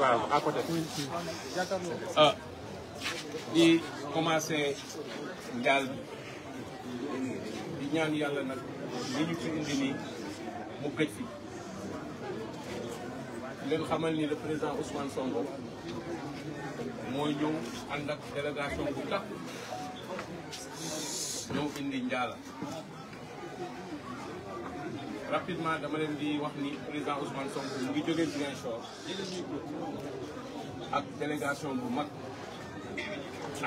waaw à côté ah di commencé njaal di ñaan yàlla nag li ñu fi indi nii mu gëj fi leen xamal ni le président Ousmane Sonko mooy ñëw ànd ak bu tax ñëw indi njaala rapidement dama leen di wax ni président Ousmane Sonko mu ngi jógee Ziguinchor ak délégation bu mag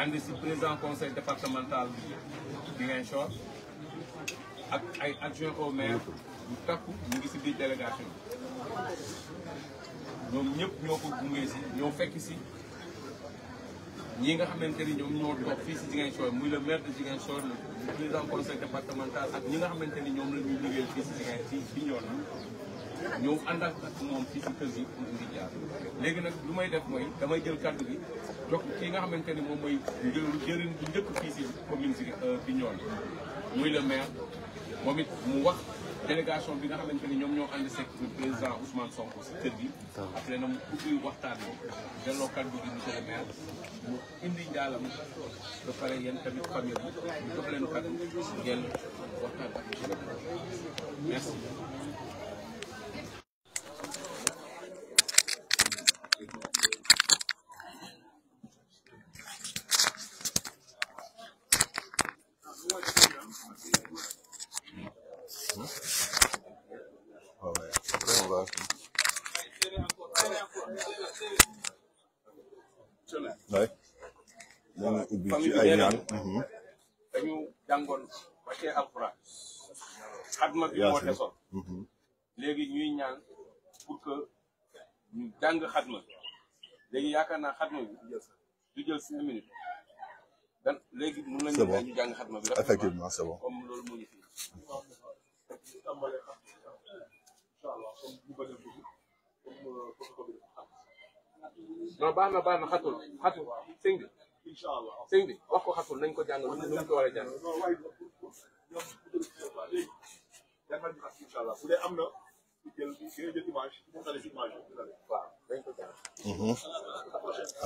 ànd si président conseil départemental Ziguinchor ak ay adjoint au maire bu takku mu ngi si biir délégation ñoom ñëpp ñoo ko gunge si ñoo fekk si ñi nga xamanteni ni ñoom ñoo fi ci si Ziguinchor muy le maire de Ziguinchor le président conseil départemental ak ñi nga xamanteni ni ñoom la ñuy fi ci si ci fi si ñoom ñëw ànd ak mom fi ci keur yi pour indi jaar léegi nak lu may def moy damay jël kàddu bi jox ki nga xamanteni mom moy mooy njëriñ bu njëkk fi ci commune ci si euh, Bignona muy le maire momit mu wax délégation bi nga xamante ni ñoom ñoo ànd seeg le président Ousmane Sonko si kër gi. après na mu ubbi waxtaan bi delloo kàddu gi monsieur le maire mu indi njaalam ba pare yéen tamit famille bi ñu jox leen kàddu ngeen waxtaan ak merci. ci ay mhm. ñaan dañu jàngoon ba tey alxuraan xadma bi moo desoon mhm. léegi ñuy ñaan pour que ñu jàng xadma bi léegi yaakaar naa xadma bi du jël cinq minutes dan léegi mun nañu ñu jàng xadma bi effectivement c'est bon comme loolu mu ngi fii incha allah sëñ bi wax ko xasul nañ ko jàng lu ñu ko war a jàng. bu dee am na. Mhm.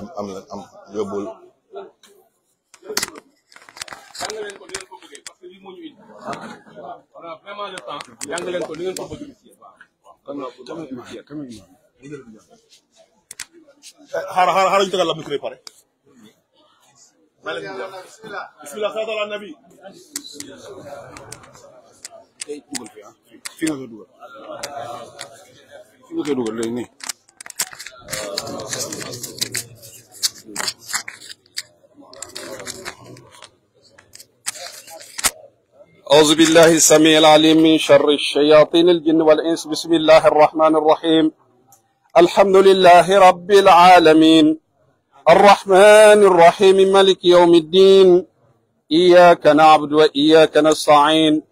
am am na am yóbbul. jàng leen ko ni ngeen ko bëggee parce que lii moo ñu indi. on a vraiment le temps. jàng leen ko ni ngeen ko pare. مالك بسم الله خاطر على النبي دوغل إيه، فيها فينا غير دوغل أعوذ بالله السميع العليم من شر الشياطين الجن والإنس بسم الله الرحمن الرحيم الحمد لله رب العالمين الرحمن الرحيم ملك يوم الدين إياك نعبد وإياك نستعين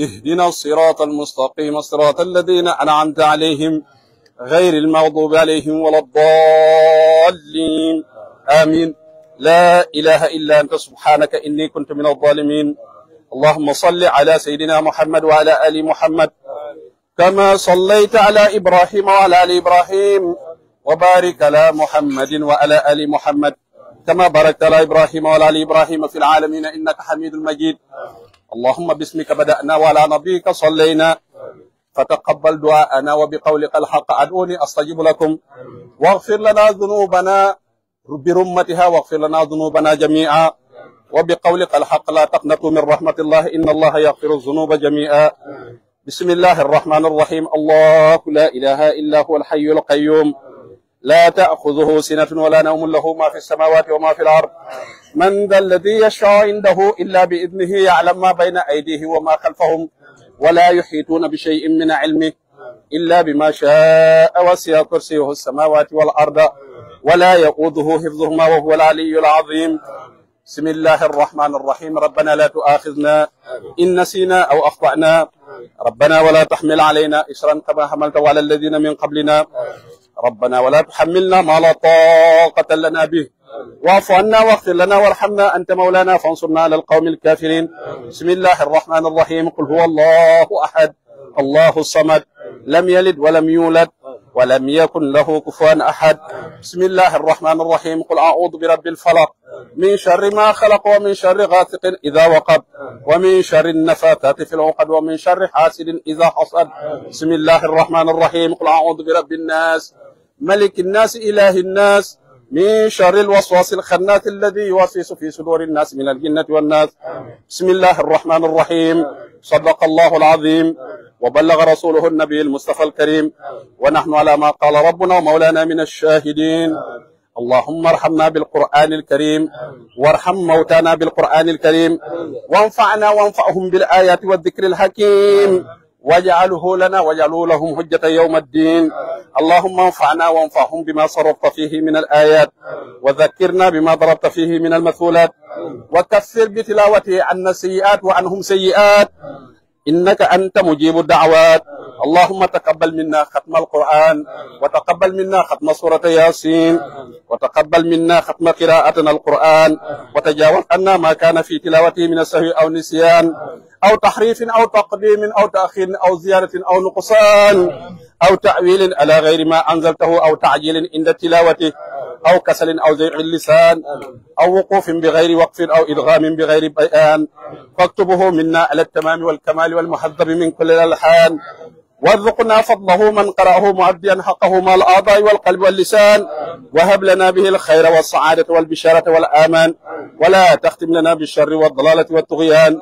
اهدنا الصراط المستقيم صراط الذين أنعمت عليهم غير المغضوب عليهم ولا الضالين آمين لا إله إلا أنت سبحانك إني كنت من الظالمين اللهم صل على سيدنا محمد وعلى آل محمد كما صليت على إبراهيم وعلى آل إبراهيم وبارك على محمد وعلى آل محمد كما باركت على إبراهيم وعلى آل إبراهيم في العالمين إنك حميد مجيد اللهم باسمك بدأنا وعلى نبيك صلينا فتقبل دعاءنا وبقولك الحق أدعوني أستجيب لكم واغفر لنا ذنوبنا برمتها واغفر لنا ذنوبنا جميعا وبقولك الحق لا تقنطوا من رحمة الله إن الله يغفر الذنوب جميعا بسم الله الرحمن الرحيم الله لا إله إلا هو الحي القيوم لا تأخذه سنة ولا نوم له ما في السماوات وما في الأرض من ذا الذي يشفع عنده إلا بإذنه يعلم ما بين أيديه وما خلفهم ولا يحيطون بشيء من علمه إلا بما شاء وسع كرسيه السماوات والأرض ولا يقوده حفظهما وهو العلي العظيم بسم الله الرحمن الرحيم ربنا لا تؤاخذنا إن نسينا أو أخطأنا ربنا ولا تحمل علينا إسرا كما حملته على الذين من قبلنا ربنا ولا تحملنا ما لا طاقة لنا به واعف عنا واغفر لنا وارحمنا أنت مولانا فانصرنا على القوم الكافرين بسم الله الرحمن الرحيم قل هو الله أحد الله الصمد لم يلد ولم يولد ولم يكن له كفوا أحد بسم الله الرحمن الرحيم قل أعوذ برب الفلق من شر ما خلق ومن شر غاسق إذا وقب ومن شر النفاثات في العقد ومن شر حاسد إذا حصد بسم الله الرحمن الرحيم قل أعوذ برب الناس ملك الناس إله الناس من شر الوسواس الخناس الذي يوسوس في صدور الناس من الجنة والناس بسم الله الرحمن الرحيم صدق الله العظيم وبلغ رسوله النبي المصطفى الكريم ونحن على ما قال ربنا ومولانا من الشاهدين اللهم ارحمنا بالقرآن الكريم وارحم موتانا بالقرآن الكريم وانفعنا وانفعهم بالآيات والذكر الحكيم واجعله لنا واجعله لهم حجة يوم الدين اللهم انفعنا وانفعهم بما صرفت فيه من الآيات وذكرنا بما ضربت فيه من المثولات وكفر بتلاوته عنا سيئات وعنهم سيئات إنك أنت مجيب الدعوات اللهم تقبل منا ختم القرآن وتقبل منا ختم سورة ياسين وتقبل منا ختم قراءتنا القرآن وتجاوز عنا ما كان في تلاوته من السهو أو نسيان أو تحريف أو تقديم أو تأخير أو زيارة أو نقصان أو تأويل على غير ما أنزلته أو تعجيل عند تلاوته أو كسل أو زيع اللسان أو وقوف بغير وقف أو إدغام بغير بيان فاكتبه منا على التمام والكمال والمحذب من كل الألحان وارزقنا فضله من قرأه مؤديا حقه مع الأعضاء والقلب واللسان وهب لنا به الخير والسعادة والبشارة والآمان ولا تختم لنا بالشر والضلالة والطغيان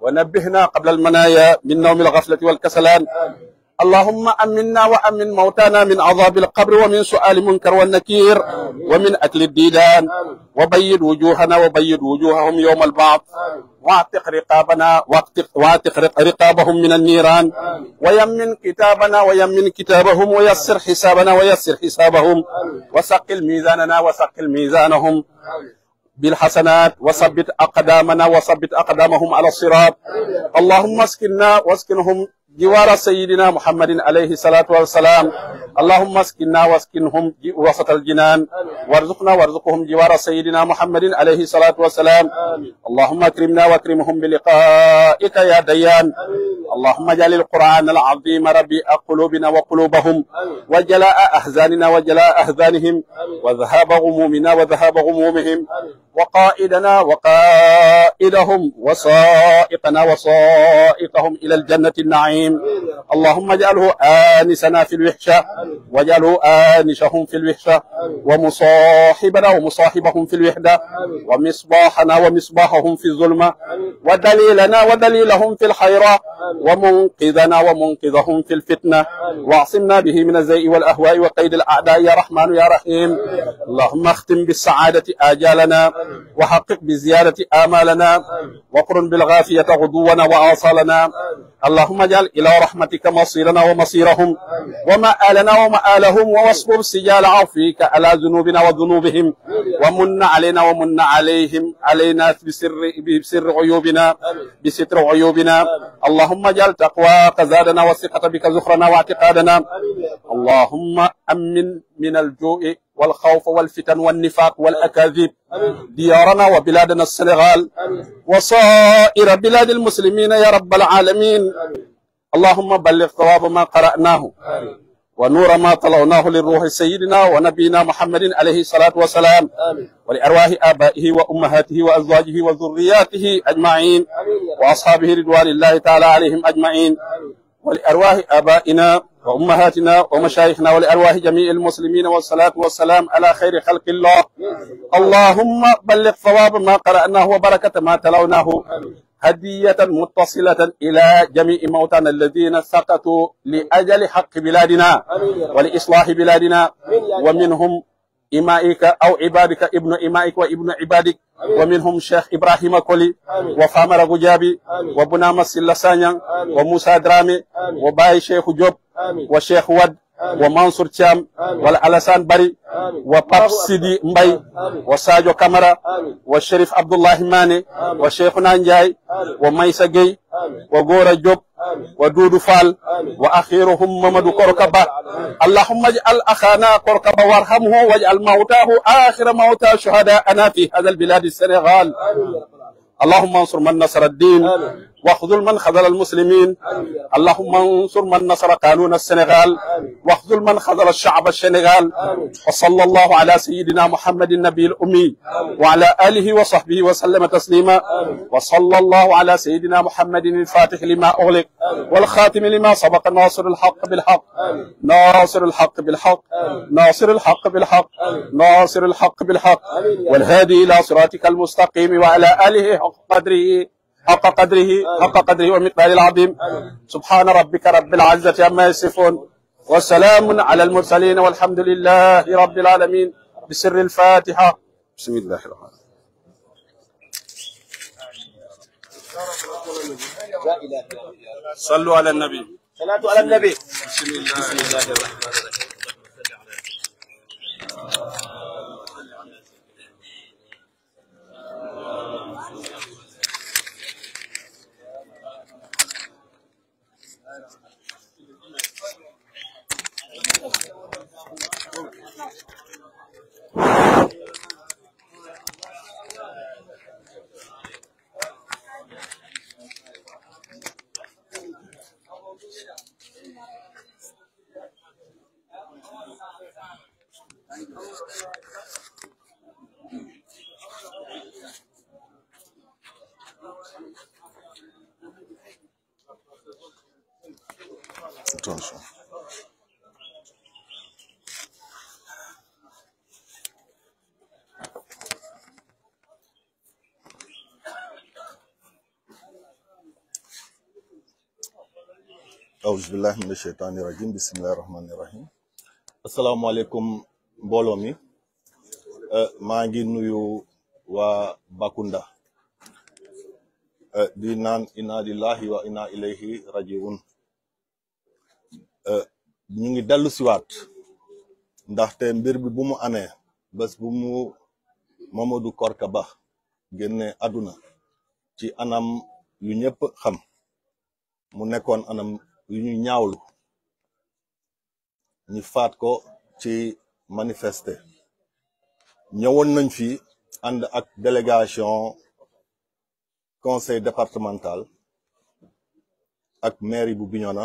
ونبهنا قبل المنايا من نوم الغفلة والكسلان اللهم أمنا وأمن موتانا من عذاب القبر ومن سؤال منكر والنكير ومن أكل الديدان وبيد وجوهنا وبيد وجوههم يوم البعث واعتق رقابنا واعتق رقابهم من النيران ويمن كتابنا ويمن كتابهم ويسر حسابنا ويسر حسابهم وسقل ميزاننا وسقل ميزانهم بالحسنات وثبت أقدامنا وثبت أقدامهم على الصراط اللهم اسكننا واسكنهم جوار سيدنا محمد عليه الصلاة والسلام اللهم اسكننا واسكنهم وسط الجنان وارزقنا وارزقهم جوار سيدنا محمد عليه الصلاة والسلام اللهم اكرمنا واكرمهم بلقائك يا ديان اللهم جل القرآن العظيم ربي قلوبنا وقلوبهم وجلاء أحزاننا وجلاء أحزانهم وذهاب غمومنا وذهاب غمومهم وقائدنا وقائدهم وسائقنا وسائقهم إلى الجنة النعيم اللهم اجعله آنسنا في الوحشة واجعله آنسهم في الوحشة ومصاحبنا ومصاحبهم في الوحدة ومصباحنا ومصباحهم في الظلمة ودليلنا ودليلهم في الحيرة ومنقذنا ومنقذهم في الفتنة واعصمنا به من الزيء والأهواء وقيد الأعداء يا رحمن يا رحيم اللهم اختم بالسعادة آجالنا وحقق بزيادة آمالنا وقرن بالغافية غدونا وآصالنا اللهم اجعل إلى رحمتك مصيرنا ومصيرهم ومآلنا ومآلهم واصبر سجال عفيك على ذنوبنا وذنوبهم ومن علينا ومن عليهم علينا بسر بسر عيوبنا بستر عيوبنا اللهم اجعل تقوى قزادنا وثقة بك زخرنا واعتقادنا اللهم أمن من الجوء والخوف والفتن والنفاق والأكاذيب ديارنا وبلادنا السنغال وصائر بلاد المسلمين يا رب العالمين اللهم بلغ ثواب ما قرأناه ونور ما طلعناه للروح سيدنا ونبينا محمد عليه الصلاة والسلام ولأرواح آبائه وأمهاته وأزواجه وذرياته أجمعين وأصحابه رضوان الله تعالى عليهم أجمعين ولأرواح آبائنا وأمهاتنا ومشايخنا ولأرواح جميع المسلمين والصلاة والسلام على خير خلق الله اللهم بلغ ثواب ما قرأناه وبركة ما تلوناه هدية متصلة إلى جميع موتانا الذين سقطوا لأجل حق بلادنا ولإصلاح بلادنا ومنهم إمائك أو عبادك ابن إمائك وابن عبادك آمين. ومنهم شيخ إبراهيم كولي وفامر غجابي وبنام السلسانيا وموسى درامي وباي شيخ جوب وشيخ ود ومنصور تشام والألسان باري وباب سيدي مباي وساجو كامرا وشريف عبد الله ماني وشيخنا نانجاي وميسا جي وغورا جوب ودودو فال وأخيرهم ممدو كوركبا اللهم اجعل أخانا كوركبا وارحمه واجعل موتاه آخر موتى شهداءنا في هذا البلاد السنغال اللهم انصر من نصر الدين واخذل من خذل المسلمين اللهم انصر من نصر قانون السنغال واخذل من خذل الشعب السنغال وصلى الله على سيدنا محمد النبي الأمي وعلى آله وصحبه وسلم تسليما وصلى الله على سيدنا محمد الفاتح لما أغلق والخاتم لما سبق ناصر الحق بالحق ناصر الحق بالحق ناصر الحق بالحق ناصر الحق بالحق والهادي إلى صراطك المستقيم وعلى آله حق قدره حق قدره حق قدره ومقداره العظيم سبحان ربك رب العزة عما يصفون وسلام على المرسلين والحمد لله رب العالمين بسر الفاتحة بسم الله الرحمن الرحيم صلوا على النبي صلاة على النبي بسم الله الرحمن الرحيم auzubillah mina sheytaani rajim Bismillahirrahmanirrahim. rahmaani rahim asalaamaaleykum mbooloo mi eh, ngi nuyu wa Bakunda eh, di naan inna lillahi wa inna ilayhi rajiun eh, ñu ngi dellu siwaat ndaxte mbir bi bu mu amee bés bu mu Mamadou Korka Ba génne ci anam yu ham, xam mu nekkoon anam yu ñu ñaawlu ñi faat ko ci manifeste ñëwoon nañ fi ànd ak délégation conseil départemental ak mairie bu Bignona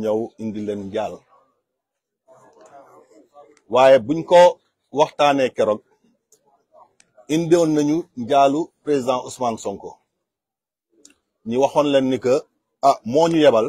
ñëw indi leen jàll waaye buñ ko waxtaanee keroog indiwoon nañu njaalu président Ousmane Sonko ñi waxoon leen ni que ah moo ñu yebal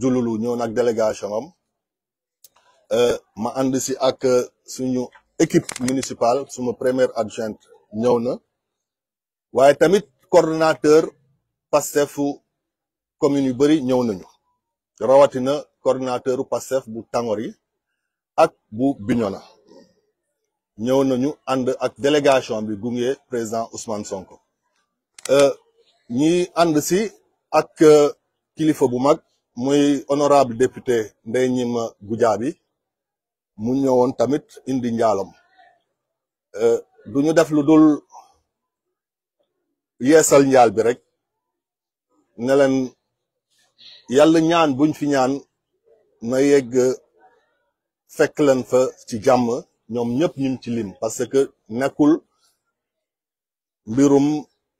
jululu ñëw nag délégation am euh, ma ànd si ak euh, suñu équipe municipale suma première adjointe ñëw na waaye tamit coordonnateur fu commune yu bëri ñëw nañu rawatina coordonnateuru pastef bu Tangori ak bu Bignona ñëw nañu ànd ak délégation bi gunge président Ousmane Sonko euh, ñi ànd si ak kilifa bu mag muy honorable député Ndeye Nyima Goudiaby mu ñëwoon tamit indi njaalam euh, du ñu def lu dul yeesal njaal bi rek ne leen yàlla ñaan buñ fi ñaan na yegg fekk leen fa ci jàmm ñoom ñëpp ñun ci lim parce que nekkul mbirum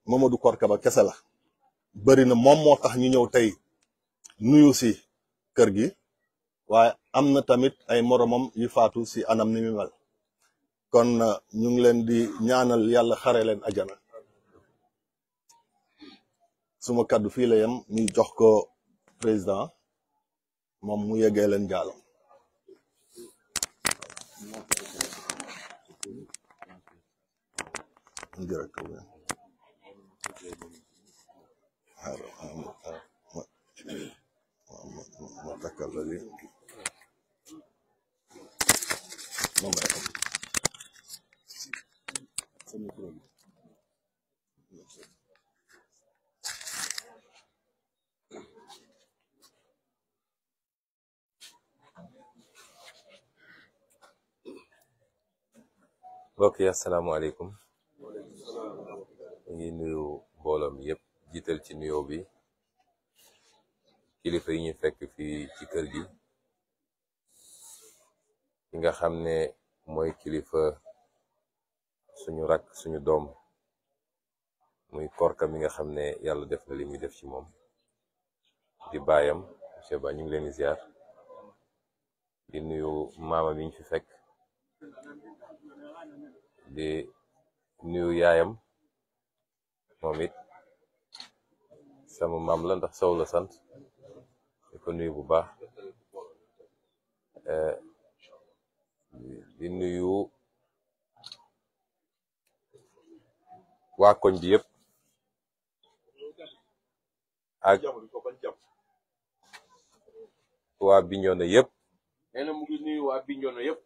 Mamadou Korka ba kese la bëri na moom moo tax ñu ñëw tey nuyu si kër gi waye amna tamit ay moromam yu faatu si anam ni mi mal kon euh, ñu ngi leen di ñaanal yalla xare leen ajana suma kaddu fi la yam ñu jox ko président mom mu yegge leen jaalam you. ما ذكر الذي ما mbokk yi asalaamaaleykum ñu ngi nuyu mbooloom yëpp jiital ci nuyoo bi kilifa yi ñu fekk fii ci kër gi ki nga xam ne mooy kilifa suñu rakk suñu doom muy korka mi nga xam ne yàlla def na li muy def ci moom di baayam monsieur Ba ñu ngi leen di ziar di nuyu maama bi ñu fi fekk di nuyu yaayam moom it sama maam la ndax sow la sant di ko nuyu bu baax eh, di nuyu waa koñ bi yëpp ak waa Bignona yëpp. mu ngi nuyu waa Bignona yëpp.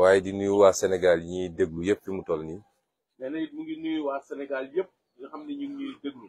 waaye di nuyu waa senegal yi ñuy déglu yëpp fi mu toll nii. nee mu ngi nuyu waa Sénégal yëpp nga xam ne ñu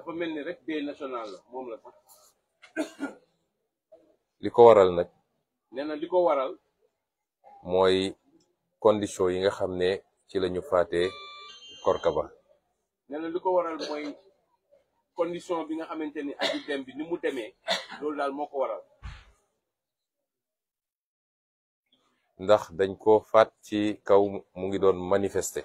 dafa mel ni rek deuil national la moom la sax. li ko waral nag. nee li ko waral. mooy condition yi nga xam ne ci la ñu faatee Korkaba. nee li ko waral mooy condition bi nga xamante ni aji dem bi ni mu demee loolu daal moo ko waral. ndax dañ ko faat ci kaw mu ngi doon manifester.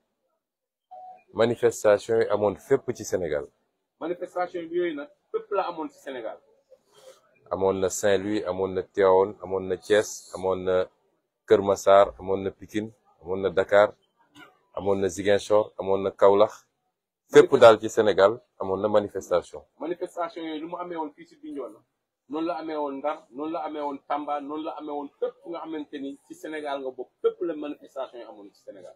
manifestation à mon fait ci Sénégal. manifestation yooyu nag la Sénégal. À na Saint-Louis à mon Tivaouane à mon Thiès à mon Kermassar, à mon na Pikine mon na Dakar à mon Ziguinchor à na Kaulach, fait daal ci Sénégal à mon manifestation. manifestation yooyu lu mu un woon fii ci Bignona Non la un woon Ndar la un Tamba non la amee woon peuple nga xamante maintenu. ci Sénégal nga bokk fépp la manifestation à mon Sénégal.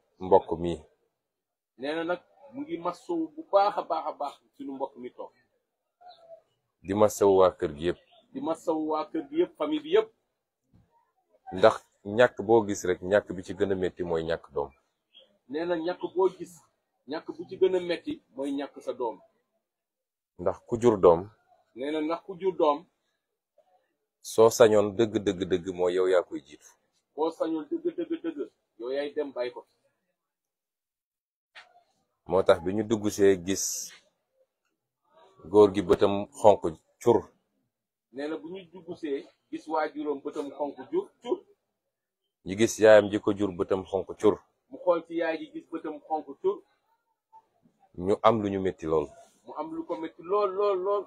mbok mi neena nak mu ngi masso bu baakha baakha baax suñu mi tok di masso wa keur gi yeb di masso wa keur bi yeb fami bi yeb ndax ñak bo gis rek ñak bi ci meti metti nyak ñak dom nyak ñak nyak gis ñak bu ci gëna metti moy ñak sa dom, ndax ku jur dom neena nak ku jur dom so sañon deug deug deug mooy yow ya koy jitu ko sañon deug deug deug yow yay dem bay ko moo tax bi ñu dugg see gis góor gi bëtam xonq cur nee na bu gis waa bëtam xonq jur cur ñu gis yaayam ji jur bëtam xonk cur mu xool ci yaay ñu am lu ñu métti lool mu am lu ko métti lool lool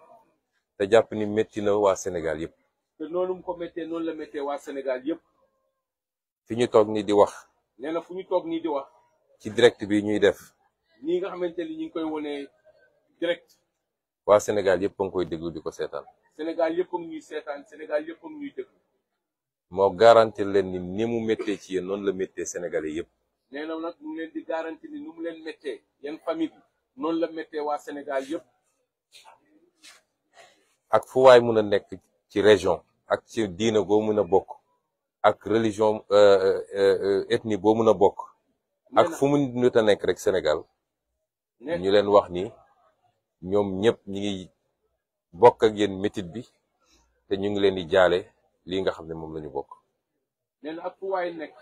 te jàpp ni métti na waa Sénégal yëpp te noonu mu ko méttee noonu la méttee waa senegal yëpp fi ñu toog nii di wax nee na fu ñu toog nii di wax ci direct bi ñuy def nii nga xamante ni ñu ngi koy wone direct. waa Sénégal yëpp a koy déglu di ko seetaan. Sénégal yëpp a ngi ñuy seetaan Sénégal yëpp a ngi ñuy déglu. moo garantir leen ni ni mu méttee ci yéen noonu la méttee Sénégalais yëpp. nee na nag mu leen garantir ni ni mu leen famille bi noonu la waa Sénégal yëpp. ak fu waay mun a nekk ci région ak ci diina goo mun a bokk ak religion euh, euh, euh, ethnie boo mun a bokk. ak fu mu nit nekk rek Sénégal. ñu leen wax ni ñoom ñëpp ñi ngi bokk ak yéen métit bi te ñu ngi leen di jaale lii nga xam ne moom lañu bokk. nee na ak fu waay nekk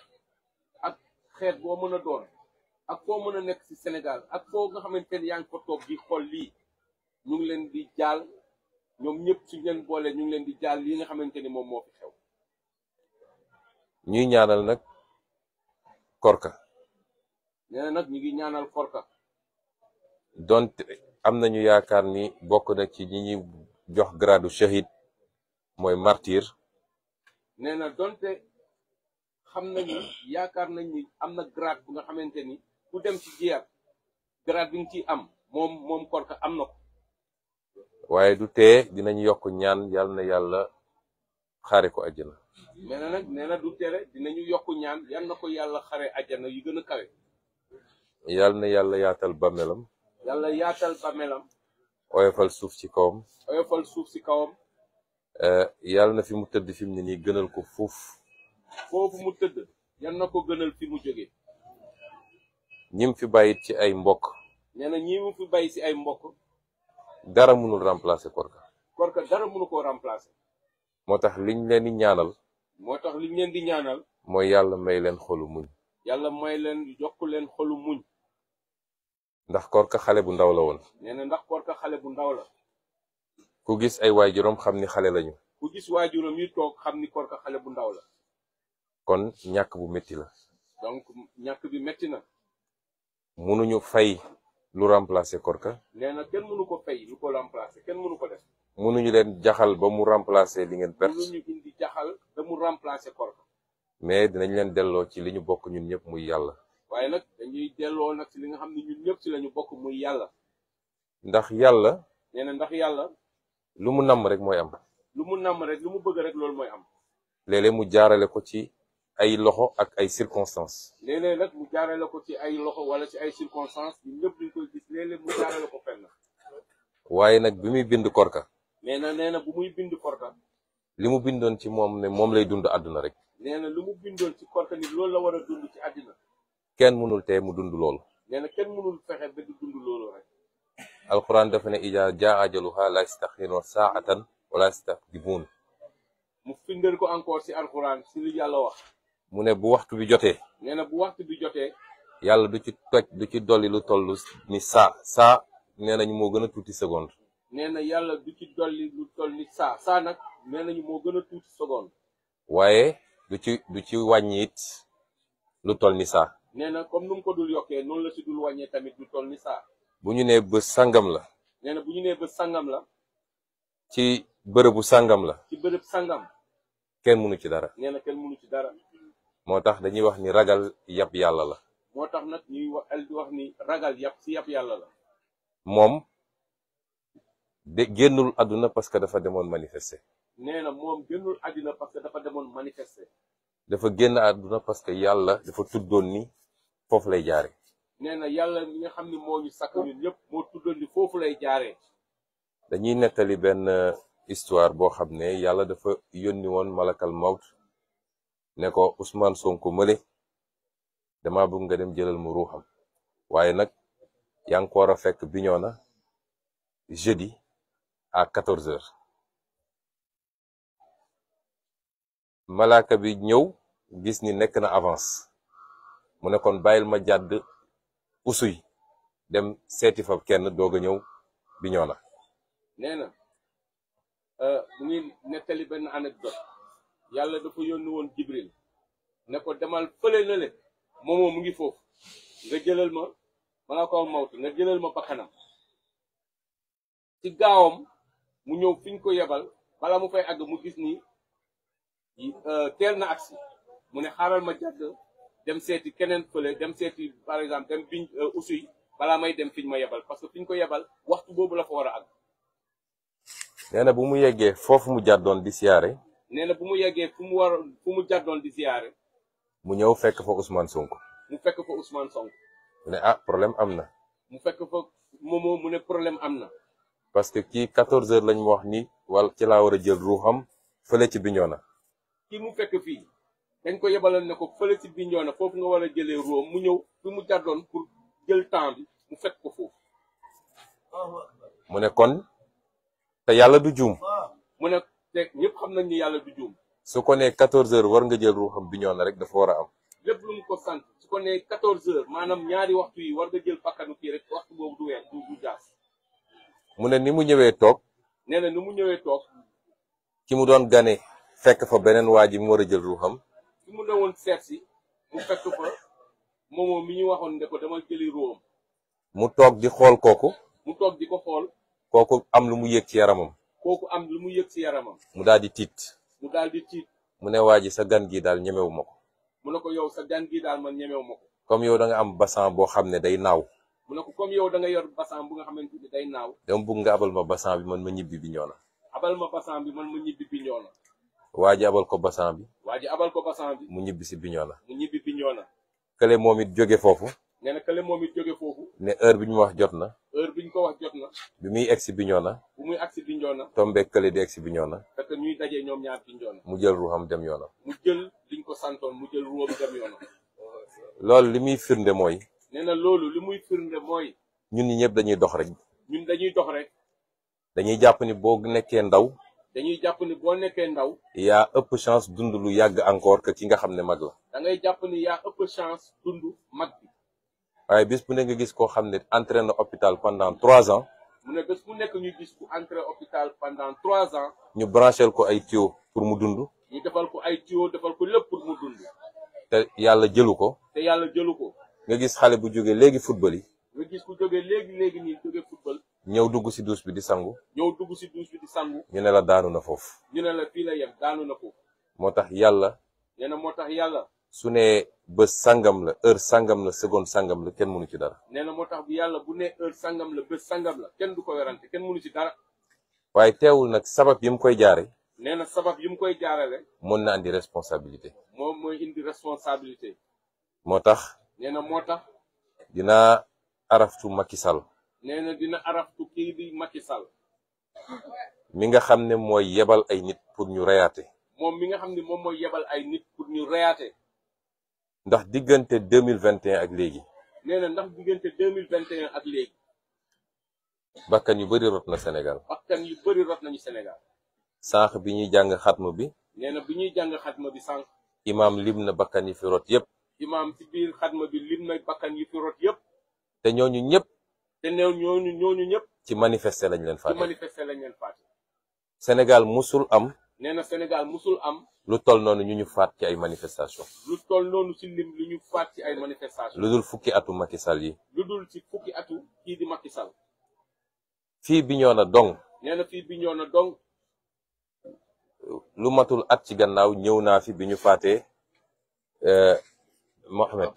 ak xeet boo mën a doon ak foo mën a nekk ci Sénégal ak foo nga xamante ni yaa ngi ko toog di xool lii ñu ngi leen di jaal ñoom ñëpp suñu leen boole ñu ngi leen di jaal lii nga xamante ni moom moo fi xew. ñuy ñaanal nag Korka. nee na nag ñu ngi ñaanal Korka. donte am nañu yaakaar ni bokk na ci ñi ñuy jox gradu shahid mooy martyr nee na donte xam nañu yaakaar na ni am na grade bu nga xamante ni ku dem ci jiyaat grade bi nga am moom korka am na ko waaye du tee dinañ yokk ñaan yàlla na yàlla xaare ko àjjana nee na nag nee na du tere dinañu yokk ñaan yàlla ko yàlla xare àjjana yu gën a kawe yàlla na yàlla yaatal bàmmeelam yàlla yaatal ba melam oyofal suuf ci kawam oyofal suuf ci kawam eh, yàlla na fi mu tëdd fi mu ne nii gënal ko fuuf foofu mu tëdd yal na ko gënal fi mu jóge ñim fi bàyyit ci ay mbokk nee na ñi mu fi bàyyi ci ay mbokk dara munul remplacer Korka Korka dara mënu ko remplacer moo tax liñ leen di ñaanal moo tax liñ leen di ñaanal mooy yàlla may leen xolu muñ yàlla may leen yokk leen xolu muñ ndax koor ka xalé bu ndaw la won néna ndax koor ka xalé bu ndaw la. ku gis ay waajuram xamni xalé lañu. ku gis waajuram yi tok xamni koor ka xalé bu ndaw la. kon ñak bu metti la. donc ñak bi metti na. mënuñu fay lu remplacer koor ka. néna kenn mënu ko fay lu ko remplacer kenn mënu ko def. mënuñu len jaxal ba mu remplacer li ngeen perte. mënuñu indi jaxal ba mu remplacer koor ka. mais dinañ len delloo ci liñu bok ñun ñep muy yalla waaye nag dañuy delloo nag ci li nga xam ne ñun ñëpp ci lañu bokk muy yàlla ndax yàlla nee ndax yàlla lu mu namm rek mooy am lu mu namm rek lu mu bëgg rek loolu mooy am léeg mu jaarale ko ci ay loxo ak ay circonstances léeg-léeg mu jaarale ko ci ay loxo wala ci ay circonstances ñun ñëpp mu jaarale ko fenn waaye nag bi muy bind korka nee na nee na bu muy bind korka li mu bindoon ci moom ne moom lay dund àdduna rek nee lu mu bindoon ci korka ni loolu kenn mënul te mu dund loolu. nee kenn mënul fexe ba du dund loolu rek. alquran dafa ne ija jaa ajaluha la yastaxiroon saatan wala yastaqdimuun mu findal ko encore si alquran si li yàlla wax. mu ne bu waxtu bi jotee. nee na bu waxtu bi jotee. yàlla du ci toj du ci dolli lu toll ni saa saa nee nañu moo gën a tuuti seconde. nee na yàlla du ci dolli lu toll ni saa saa nag nee nañu moo gën a tuuti seconde. waaye du ci du ci wàññi it lu toll ni saa. nee nungko comme num ko dul yoké non la si dul wagné tamit du toll ni sa bu ñu nee bés sangam la. nee na bu ñu nee bés sangam la. ci bërëbu sangam la. ci bërëb sangam. kenn mënu ci dara. mënu ci dara. motax dañuy wax ni ragal yab yalla la. motax nak ñuy wax di wax ni ragal yab si yab yalla la. mom de gennul aduna parce que dafa demone manifester. nee mom gennul aduna parce que dafa demone manifester. dafa genn aduna parce que yalla dafa ni. foofu lay jaare nee na yàlla li nga xam ne moo ñu sakk ñun ñëpp moo ni foofu lay jaaree. dañuy nettali benn euh, histoire boo xam ne yàlla dafa yónni woon malakal mawt ne ko Ousmane Sonko mële dama bëgg nga dem jëlal mu ruuxam waaye nag yaa ngi ko war a fekk Bignona jeudi a 14h malaaka bi ñëw gis ni nekk na avance. mu ne kon ma jàdd usuy dem seeti fa kenn doog a ñëw bi ñoo na nee na euh, mu ngi nettali benn anecdote yàlla dafa yónni woon Jibril demal fële na le moomoo mu ngi foofu nga jëlal ma ma nga ko mawtu nga jëlal ma bakkanam mu ñëw fi ko yebal bala mu fay àgg mu gis ni euh, teel na agsi mu ma jàdd dem seeti keneen fële dem seeti par exemple dem biñ euh, usu yi balaa may dem fiñ ma yebal parce que fiñ ko yebal waxtu boobu la fa war a àgg. nee na bu mu yeggee foofu mu jàddoon di siyaare. nee na bu mu yeggee fu mu war mu jàddoon di siyaare. mu ñëw fekk fa Ousmane Sonko. mu fekk fa Ousmane Sonko. mu ne ah problème am na. mu fekk fa Momo mu ne problème am na. parce que kii 14 heures lañ ma wax ni wala ci laa war a jël ruuxam fële ci Bignona. ki mu fekk fii. dañ ko yebalal ne ko fële si Bignona foofu nga war a jëlee Rome mu ñëw fi mu jàddoon pour jël temps bi mu fekk ko foofu. mu ne kon te yàlla du juum. mu ne te ñëpp xam nañ ni yàlla du juum. su ko nee 14 heures war nga jël ruuxam Bignona rek dafa war a am. lépp lu ko sant su ko nee 14 heures maanaam ñaari waxtu yi war nga jël pakkanu kii rek waxtu boobu du weer du jaas. mu ne ni mu ñëwee toog. nee ni mu ñëwee toog. ki mu doon gane fekk fa beneen waa ji mu war a jël ruuxam. fi mu ne woon seet si mu fekk fa moomoo mi ñu waxoon ne ko dama jëli ruwam. mu toog di xool kooku. mu toog di kooku am lu mu yëg ci yaramam. am lu mu yëg ci yaramam. mu daal di tiit. mu daal di tiit. mu ne waa ji sa gan gii daal ñemewu ma ko. mu ne ko yow sa gan gi daal man ñemewu ma ko. comme yow da am bassan boo xam ne day naaw. mu ne ko comme yow da nga yor bassan bu nga xamante ni day naaw. dama bëgg nga abal ma bassan bi man ma ñibbi bi ñoo na. abal ma bassan bi man ma ñibbi bi ñoo waa ji abal ko basan bi. waa ji abal ko basan bi. mu ñibbi si Bignona. mu ñibbi Bignona. kële moom it jóge foofu. nee na kële jóge foofu. ne heure bi ñu wax jot na. heure bi ñu ko wax jot na. bi muy egg si Bignona. bu muy agg si Bignona. tombé kële di egg si Bignona. fekk ñuy daje ñoom ñaar Bignona. mu jël ruuxam dem yoonam. mu jël liñ ko santoon mu jël ruuxam dem yoonam. loolu li muy firnde mooy. nee loolu li muy firnde mooy. ñun ñi ñëpp dañuy dox rek. ñun dañuy dox rek. dañuy jàpp ni boo nekkee ndaw. dañuy jàpp ni boo nekkee ndaw. yaa ëpp chance dund lu yàgg encore que ki nga xam ne mag la. da ngay jàpp ni yaa ëpp chance dund mag bi. waaye bis bu ne nga gis koo xam ne entré na hôpital pendant trois ans. mu ne bés nekk ñu gis ku entré hôpital pendant trois ans. ñu branché ko ay tuyau pour mu dund. ñu defal ko ay tuyau defal ko lépp pour mu dund. te yàlla jëlu ko. te yàlla jëlu ko. nga gis xale bu jógee léegi football yi. nga gis ku jógee léegi léegi nii jógee ñëw dugg si douche bi di sangu. ñëw dugg si douche bi di sangu. ñu ne la daanu na foofu. ñu ne la fii la yem daanu na foofu. moo tax yàlla. nee na moo tax yàlla. su ne bés sangam la heure sangam la seconde sangam la kenn mënu ci dara. nee na moo tax bu yàlla bu ne heure sangam la bés sangam la kenn du ko werante kenn mënu ci dara. waaye teewul nag sabab yi mu koy jaare nee na sabab yi mu koy jaarale. mën na indi responsabilité. moom mooy indi responsabilité. moo tax. nee na moo tax. dinaa araftu Macky Sall. nee na dina araftu kii di Macky Sall mi nga xam ne mooy yebal ay nit pour ñu reyaate moom mi nga xam ne moom mooy yebal ay nit pour ñu reyaate ndax diggante deux mille vingt et ak léegi nee na ndax diggante ak léegi bakkan yu bëri rot na Sénégal bakkan yu bëri rot nañu Sénégal sànq bi ñuy jàng xatma bi nee bi ñuy jàng xatma bi sànq imaam lim na bakkan yi fi rot yépp imaam ci biir xatma bi lim na bakkan yi fi rot yépp te ñooñu ñëpp te néew ñooñu ñooñu ñëpp. ci manifester lañ leen faatee ci manifester lañ leen faatee. musul am. nee na musul am. lu tol noonu ñu ñu faat ci ay manifestation lu toll noonu ci lim lu ñu faat ci ay manifestation lu dul fukki atu Macky Sall yi. lu dul ci fukki atu kii di Macky fii bi ñoo na dong. nee fii bi ñoo na dong. lu matul at ci gannaaw ñëw naa fi bi ñu faatee eh, Mohamed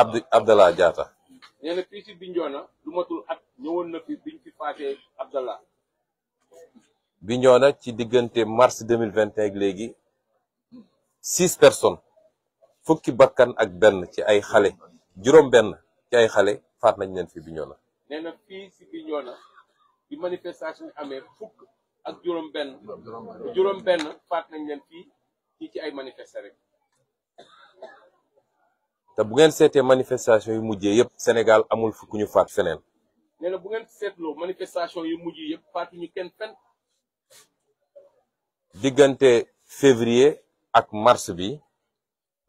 Abd Abdallah Diatta. nee na fii si Bignona lu matul at ñëwoon na fi biñ fi faatee Abdallah Bignona ci diggante mars 2021 ak léegi six personnes fukki bakkan ak benn ci ay xale juróom benn ci ay xale faat nañ leen fi Bignona nee na fii si Bignona bi manifestation amee fukk ak juróom benn juróom benn faat nañ leen fii ci ay manifester rek te bu ngeen seetee manifestation yu mujjee yëpp Sénégal amul fu ku ñu faat feneen. nee na bu ngeen seetloo manifestation yu mujjee yëpp faatuñu kenn fenn. diggante février ak mars bi.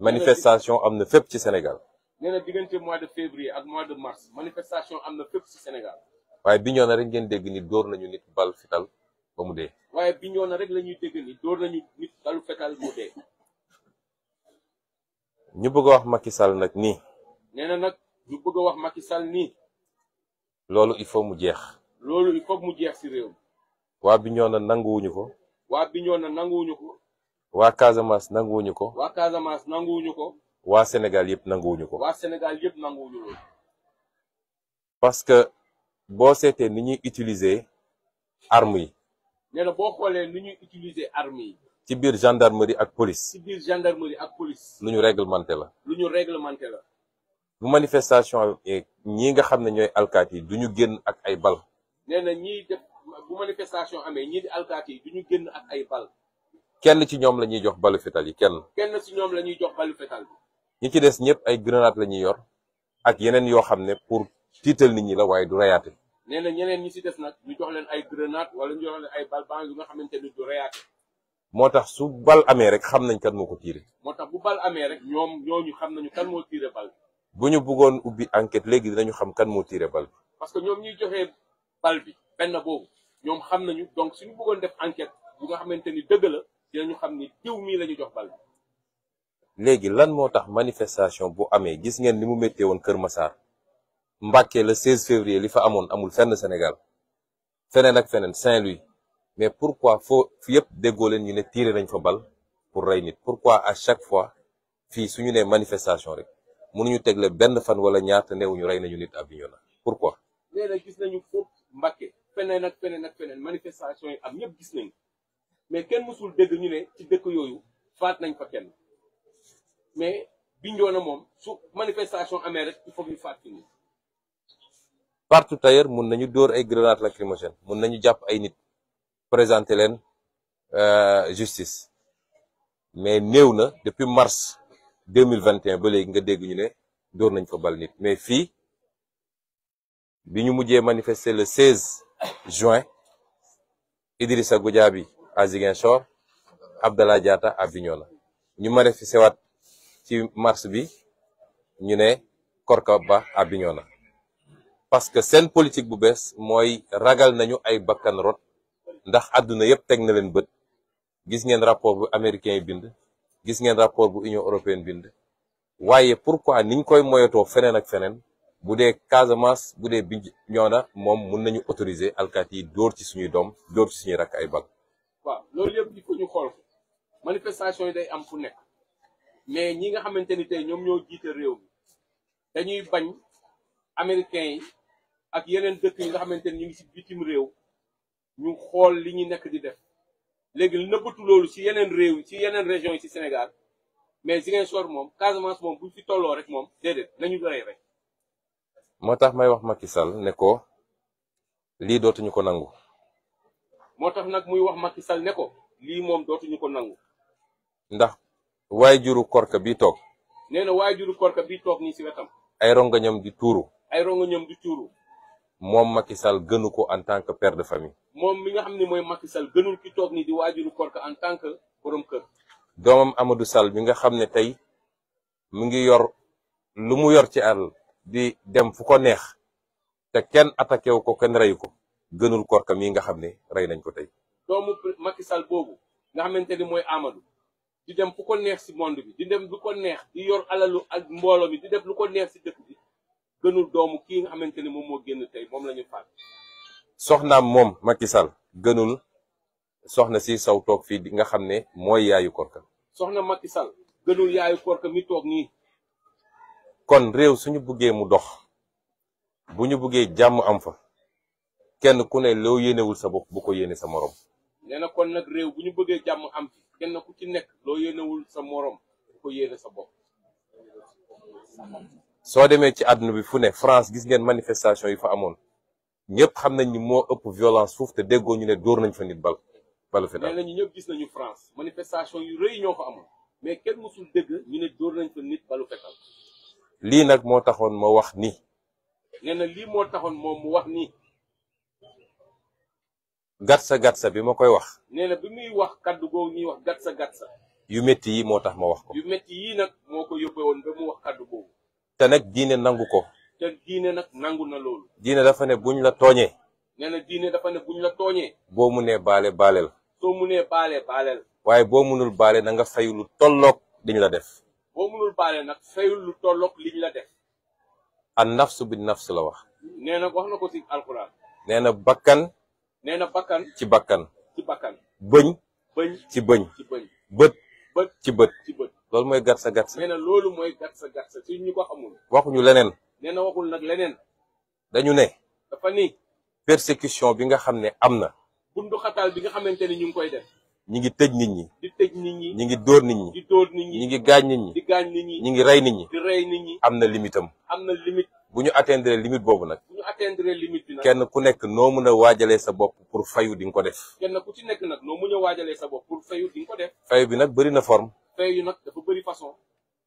manifestation am na fépp ci Sénégal. nee na diggante mois de février ak mois de mars manifestation am na fépp ci Sénégal. waaye bi ñoo rek ngeen dégg ni dóor nañu nit bal fital ba mu dee. waaye bi rek la dégg ni dóor nañu nit balu fetal mu dee. ñu bëgg wax Macky Sall nag nii. nee na nag ñu bëgg wax Macky Sall nii. loolu il faut mu jeex. loolu il faut mu jeex ci réew wa biñona Bignona nanguwuñu ko. wa biñona nanguwuñu ko. wa Casamance nanguwuñu ko. wa Casamance nanguwuñu ko. wa Sénégal yëpp nanguwuñu ko. wa Sénégal yëpp nanguwuñu ko. parce que bo sété ni ñuy utiliser armes yi. nee na boo ni ñuy utiliser armes yi ci biir gendarmerie ak police. ci biir gendarmerie ak police. luñu ñu réglementé la. luñu ñu réglementé la. bu manifestation amee ñii nga xamné ñoy ñooy duñu yi ak ay bal. néna ñi def bu manifestation amé ñi di alkaati duñu du ak ay bal. kenn ci ñom lañuy jox balu fetal yi kenn. kenn ci ñom lañuy jox balu fetal yi ñi ci dess ñëpp ay grenade lañuy yor ak yenen yo xamné pour tiital nit ñi la waye du reyaate. néna na ñeneen ñi ci des nak ñu jox leen ay grenade wala ñu jox leen ay bal yu nga xamante du reyaate motax su bal amé rek xam nañ kan moo ko tiire. moo bu bal amé rek ñoom ñooñu xam nañu kan mo tiré bal. bu ñu bëggoon ubbi enquête légui dinañu xam kan mo tiré bal. parce que ñom ñuy joxé bal bi benn bobu ñom xam nañu donc suñu bëggoon def enquête bu nga xamanteni ni dëgg la dinañu xam ni jiw mii la jox bal bi. léegi lan motax manifestation bu amé gis ngeen ni mu méttee woon Kër Massar mbacké le 16 février li fa amone amul fenn Sénégal feneen ak feneen Saint-Louis mais pourquoi faut yëpp déggoo leen ñu ne tiire nañ fa bal pour rey nit pourquoi à chaque fois fi suñu nee manifestation rek mënuñu tegle benn fan wala ñaar te neewuñu rey nañu nit Abignona pourquoi. nee na gis nañu foofu Mbàkke feneen ak feneen ak feneen manifestation yi am ñëpp gis nañ mais kenn mësul dégg ñu ne ci dëkk yooyu faat nañ fa kenn mais Bignona moom su manifestation amee rek il faut ñu faat nit. partout ailleurs mun nañu dóor ay grenades lacrymogènes mun nañu jàpp ay présenter euh, justice mais nous, depuis mars 2021, nous avons et un ba léegi mais fi bi ñu manifesté le 16 juin Idrissa Goudiabi, à Ziguinchor Abdallah Diatta à Bignona nous avons manifesté ci mars bi ñu ne Korka Ba à Bignona parce que scène politique bu bees mooy ragal nañu ay bakkan ndax àdduna yëpp teg na leen bët gis ngeen rapport bu américain yi bind gis ngeen rapport bu union européenne bind waaye pour pourquoi niñ koy moyotoo feneen ak feneen bu dee Casamance bu dee Bignona moom mun nañu autoriser alkaati yi dóor ci suñuy doom dóor ci suñuy rakk ay bal waaw loolu yëpp il faut ñu xool manifestation yi day am fu nekk mais ñi nga xamante ni tey ñoom ñoo jiite réew dañuy bañ américains yi ak yeneen dëkk yi nga xamante ni ñu ngi ci bitim réew ñu xool li ñu nekk di def léegi li loolu ci yeneen réew ci yeneen région yi ci senegal mais Ziguinchor moom Casamance moom bu fi tolloo rek moom déedéet nañu rey rek. moo tax may wax Macky Sall ne ko lii dootuñu ko nangu. moo nag muy wax Macky Sall ne ko lii moom dootuñu ko nangu. ndax waaye waajuru korka bi toog. nee na waajuru korka bi toog nii ci wetam. ay rongañam di tuuru. ay rongañam di tuuru. mom Macky Sall gënu ko en tant que père de famille. mom mi nga xamni moy Macky Sall gënul ki tok ni di wajuru koor ka en tant que borom kër. domam Amadou Sall bi nga xamne tay mu ngi yor lu mu yor ci àll di dem fu ko neex te kenn attaqué wu ko kenn reyu ko gënul koor ka mi nga xamne ray nañ ko tay domu Macky Sall bobu nga xamante ni Amadou di dem fu ko neex si monde bi di dem lu ko neex di yor alalu ak mbolo mi di def lu ko neex si dekk bi. gënul doomu ki nga xamante ni moom moo génn tey moom lañu ñu faat soxnaam moom Macky Sall gënul soxna si saw toog fii di nga xam ne mooy yaayu Korka soxna Macky Sall gënul yaayu Korka mi toog nii kon réew suñu buggee mu dox bu ñu buggee jàmm am fa kenn ku ne loo yéenewul sa bopp bu ko yéene sa morom nee kon nag réew bu ñu bëggee jàmm am kenn ku ci nekk loo yéenewul sa moroom bu ko yéene sa bopp soo demee ci àdduna bi fu ne France gis ngeen manifestation yi fa amoon ñëpp xam nañ ni moo ëpp violence foofu te déggoo ñu ne dóor nañ fa nit bal balu fi daal nee nañu gis nañu France manifestation yu rëy ñoo fa amoon mais kenn musul dëgg ñu ne dóor nañ fa nit balu fetal lii nag moo taxoon ma wax ni nee lii moo taxoon moom mu wax nii gatsa gatsa bi ma koy wax nee bi muy wax kaddu googu ñuy wax gatsa gatsa yu métti yi moo tax ma wax ko yu métti te nag diine nangou ko. te diine nak nangou na loolu. diine dafa né buñ la tooñee. né na diine dafa né buñ la tooñee. boo balé baale baaleel. soo munee balé baaleel. waaye boo munul balé na nga fayu lu tolloog liñ la def. boo munul balé nak fayul lu tolloog liñ la def. an nafs bin nafs la wax. né na wax na ko ci alcorane né na bakkan. né na bakkan. ci bakkan. ci bakkan. bëñ. bëñ ci bëñ. ci bëñ bëtt bëtt ci bëtt ci bëtt loolu mooy gatsa gatsa. nee na loolu mooy gatsa gatsa ci ñu ko xamul. waxuñu leneen. nee na waxul nag leneen. dañu ne. dafa ni. persécution bi nga xam ne am na. bundu bi nga xamante ni ñu ngi koy def. ñi ngi tëj nit ñi. di ñi. ñi ngi dóor nit ñi. di ñi. ngi gaañ nit ñi. ñi. ñi ngi rey nit ñi. di nit ñi. am na limite am. am na limite. bu ñu atteindre limite boobu nag. bu ñu kenn ku nekk noo mën a waajalee sa bopp pour fayu di nga ko def. kenn ku ci mën a waajalee sa bopp pour bi nag bëri na forme. fee yi nag dafa bëri façon.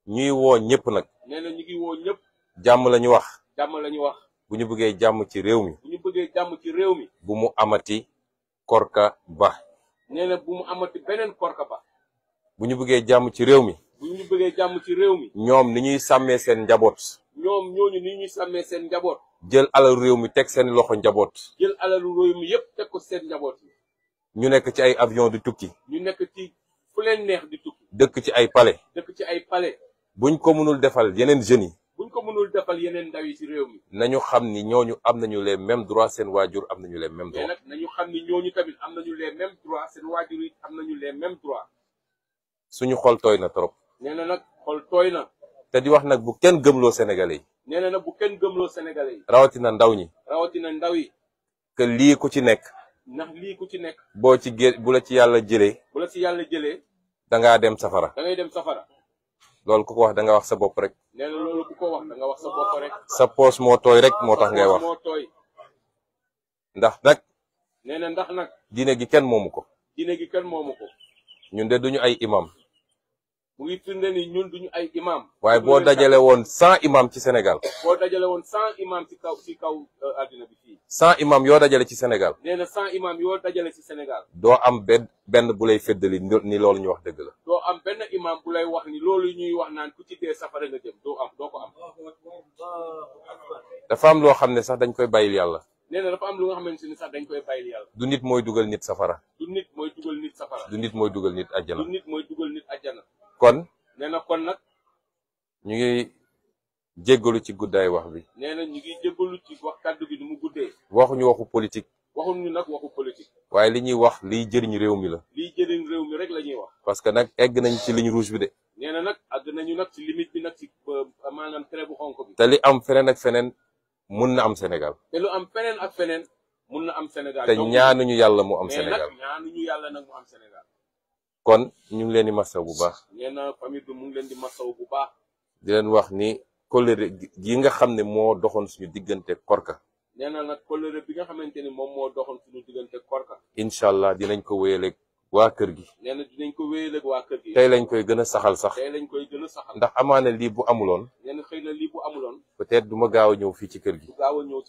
ñuy woo ñëpp nag. nee na ñu ngi woo ñëpp. jàmm la ñu wax. jàmm lañu wax. bu ñu bëggee jàmm ci réew mi. bu ñu bëggee ci réew mi. bu mu amati korka ba. nee na bu mu amati beneen korka ba. bu ñu bëggee jàmm ci réew mi. bu ñu bëggee jàmm ci réew mi. ñoom ni ñuy samee seen njaboot. ñoom ñooñu ni ñuy sàmmee seen njaboot. jël alalu réew mi teg seeni loxo njaboot. jël alalu réew mi yëpp teg ko seen njaboot. ñu nekk ci ay avion di tukki. ñu nekk ci fu di tukki. dëkk ci ay pale dëkk ci ay palais. buñ ko mënul defal yeneen jeunes yi. buñ ko mënul defal yeneen ndaw yi ci réew mi. nañu xam ni ñu am nañu les mêmes droits seen waajur am nañu les mêmes droits. mais nag nañu xam ni ñooñu tamit am nañu les mêmes droits seen am nañu les mêmes droits. suñu xol tooy na trop. nee na nag xol tooy na. te di wax nag bu kenn gëmloo Sénégalais yi. nee nag bu kenn gëmloo Sénégalais yi. rawatina ndaw ñi. rawatina ndaw yi. que lii ku ci nekk. ndax lii ku ci nekk. boo ci gé bu la ci yàlla jëlee. bu la ci yàlla jëlee. da ngaa dem safara. da ku ko wax da nga wax sa bopp rek. nee na sa rek. sa poos moo tooy rek moo tax ngay wax moo tooy. ndax nag. nee na ndax nag. diine gi kenn moomu ko. diine gi kenn de duñu ay imam. mu ngi firnde ni ñun duñu ay imam waaye boo dajale woon cent imam ci senegal boo dajale woon cent imam ci kaw ci kaw àddina euh, bi fii cent imam yoo dajale ci senegal nee na yoo dajale ci Sénégal doo am benn benn bu lay féddali ni loolu ñu wax dëgg la doo am benn imam bu lay wax ni loolu ñuy wax naan ku ci dee safara nga jëm doo am doo ko am dafa am loo xam ne sax dañ koy bàyyil yàlla nee am lu nga xamante ni sax du nit mooy dugal nit safara du nit mooy dugal nit safara du nit kon nee na kon nag ñu ngi jéggalu ci guddaay wax bi nee na ñu ngi jéggalu ci wax kàddu gi ni mu guddee waxuñu waxu politique waxuñu nag waxu politique waaye li ñuy wax liy jëriñ réew mi la liy jëriñ réew mi rek la ñuy wax parce que nag egg nañ ci ligne rouge bi de nee na nag àgg nañu nag ci limite bi nag ci euh, maanaam trait bu xonk te li am feneen ak feneen mun na am senegal te lu am feneen ak feneen mun na am Sénégal te ñaanuñu yàlla mu am Sénégal ñaanuñu yàlla nag mu am Sénégal kon ñu ngi leen di masaw bu baax. nee na mu leen di masaw bu baax. di leen wax ni colère gi nga xam ne moo doxoon suñu diggante korka. nee na nag bi nga xamante ni moom moo doxoon incha allah dinañ ko wéyaleeg waa kër gi. nee ko wéyaleeg waa kër gi. tey lañ koy gën a saxal sax. tey lañ koy gën a saxal. lii bu amuloon. nee xëy na lii bu amuloon. peut-être du ma gaaw a ñëw fii ci kër gi. du gaaw a ñëw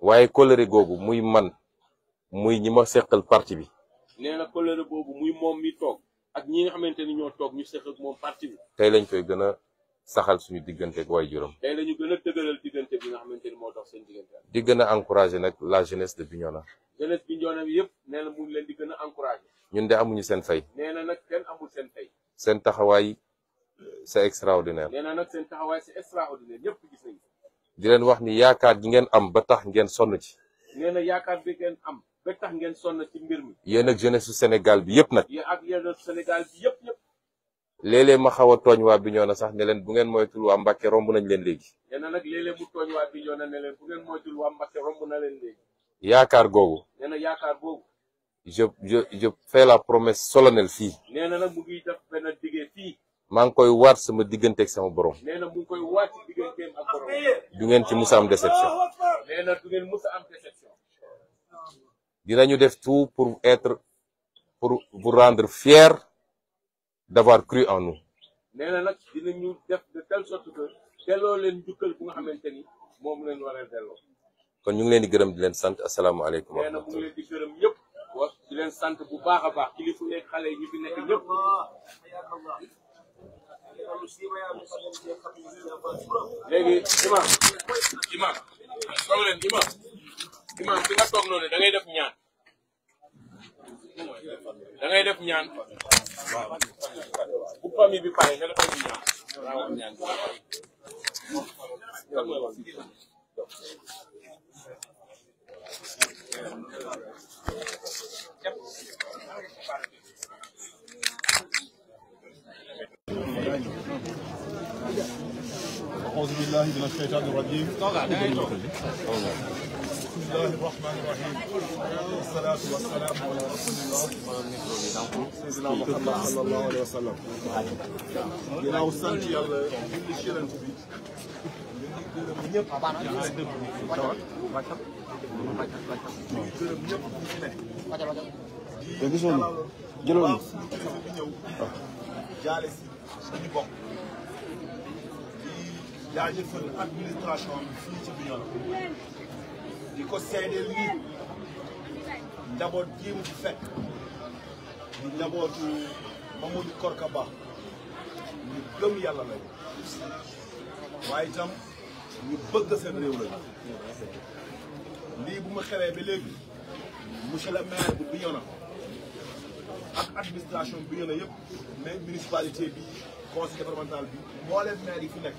waaye colère googu muy man muy ñi ma seqal partie bi nee na boobu muy moom mi toog ak ñi nga xamante ni ñoo toog ñu seq moom parti bi. tey lañ koy gën a saxal suñu diggante ak juróom tey la ñu gën a diggante bi nga moo dox seen diggante di gën a encouragé nag la jeunesse de Bignona. jeunesse Bignona yëpp nee na mu di gën a encouragé. ñun de amuñu seen fay. nee na nag kenn seen fay. seen taxawaay euh, c'est extraordinaire. nee na seen taxawaay c'est extraordinaire ñëpp gis nañu. di leen wax ni yaakaar gi ngeen am ba tax ngeen sonn ci. nee na yaakaar am. ba tax ngeen sonn ci mbir mi yéen ak jeunesse Sénégal bi yëpp nag yéen ak jeunesse Sénégal bi yëpp yëpp léeg-léeg ma xaw a tooñ waa Bignona sax ne leen bu ngeen moytul waa Mbàkke romb nañ leen léegi nee na nag léeg-léeg mu tooñ waa ne leen bu ngeen moytul waa Mbàkke romb na leen léegi yaakaar googu nee na yaakaar googu je je je fais la promesse solennelle fii nee na nag mu ngi def benn digee fii maa ngi koy waat sama diggante ak sama borom. nee na mu ngi koy waat ci ak borom. du ngeen ci musa am déception. nee du ngeen musa am déception dinañu def tout pour être pour vous rendre fier d'avoir cru en nous. néna nak dinañu def de telle sorte que delloo len djukal bu nga xamanteni mom len leen war kon ñu ngi leen di gërëm di leen sant asalaamaaleykum. nee na mu ngi leen di gërëm ñëpp. wax di leen sante bu baaxa baax ci li fu nek xalé yi ñu fi nek ñëpp. léegi imam imam sow leen imam imam fi nga toog noonu da ngay def ñaan da ngay def ñaan bu famille bi pare nga defal ñu ñaan أعوذ بالله من الشيطان الرجيم Bismillahirrahmanirrahim. Salatu vesselamu ala Resulillah. Seyyidina Muhammed sallallahu aleyhi ve sellem. Ginnaaw sant yàlla julli ci yonent bi. ñëpp ñëpp gisoon jëloon jaale si suñu bokk di jaajëfal administration bi fii ci di ko seede lii njaboot jii mu fekk di njabootu Mamadou Korka Ba ñu gëm yàlla lañ waaye itam ñu bëgg seen réew lañ lii bu ma xewee ba léegi monsieur le maire bu Bignona ak administration Bignona yëpp mais municipalité bi conseil départemental bi moo leen maire yi fi nekk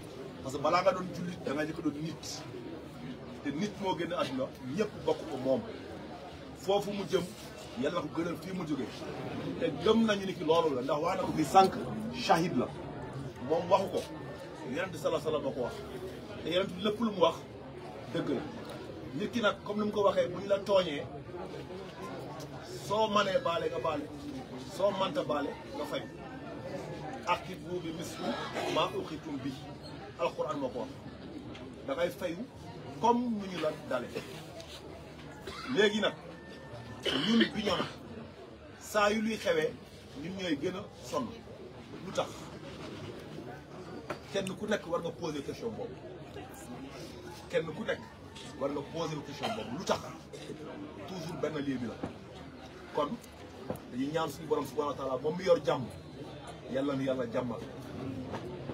parce que balaa nga doon jullit da nga njëkk doon nit te nit moo génn àdduna ñëpp bokk ko moom foofu mu jëm yàlla ko gënal fii mu jógee te gëm nañu ni ki loolu la ndax wax na ko fi sànq shahid la moom waxu ko yonent sala sala moo ko wax te yonent lépp lu mu wax dëgg la nit ki nag comme ni mu ko waxee bu ñu la tooñee soo manee baale nga baale soo manta baale nga fay. akibu bi mislu ma uxitum bi alxuraan moo ko wax da comme nu ñu la dale léegi nag ñun bi ñoo saa yu luy xewee ñun ñooy gën a sonn lu tax kenn ku nekk war nga poser question boobu kenn ku nekk war nga poser question boobu lu tax toujours benn lii bi la kon dañuy ñaan suñu borom subhanahu wa taala moom yor jàmm yàlla nu yàlla jàmmal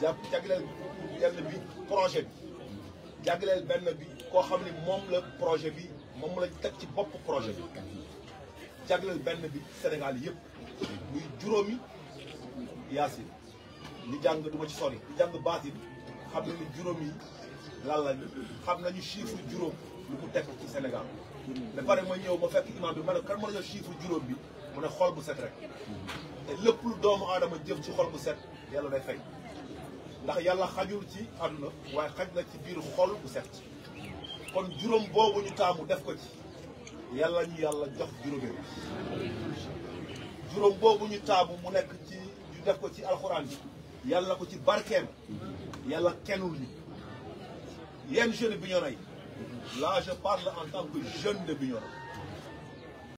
jàpp jagleel yenn bi projet bi jagleel benn bi koo xam ni moom la projet bi moom la teg ci bopp projet bi jagleel benn bi Sénégal yëpp muy juróomi yaasin li jàng du ma ci sori li jàng baatin xam nañu juróom yi lan la xam nañu chiffre juróom lu ko teg ci Sénégal ba pare ma ñëw ma fekk imam bi ma ne kan ma la jox chiffre juróom bi mu ne xol bu set rek te lépp lu doomu aadama jëf ci xol bu set yàlla day fay ndax yàlla xajul ci aduna way xaj na ci bir xol bu set kon jurom bobu ñu taamu def ko ci yàlla ñu yàlla jox juróomeel jurom bobu ñu taamu mu nek ci ñu def ko ci alquran bi yàlla ko ci barkem yàlla kenul ñu yeen jeune bi ñoray là je parle en tant que jeune de Bignona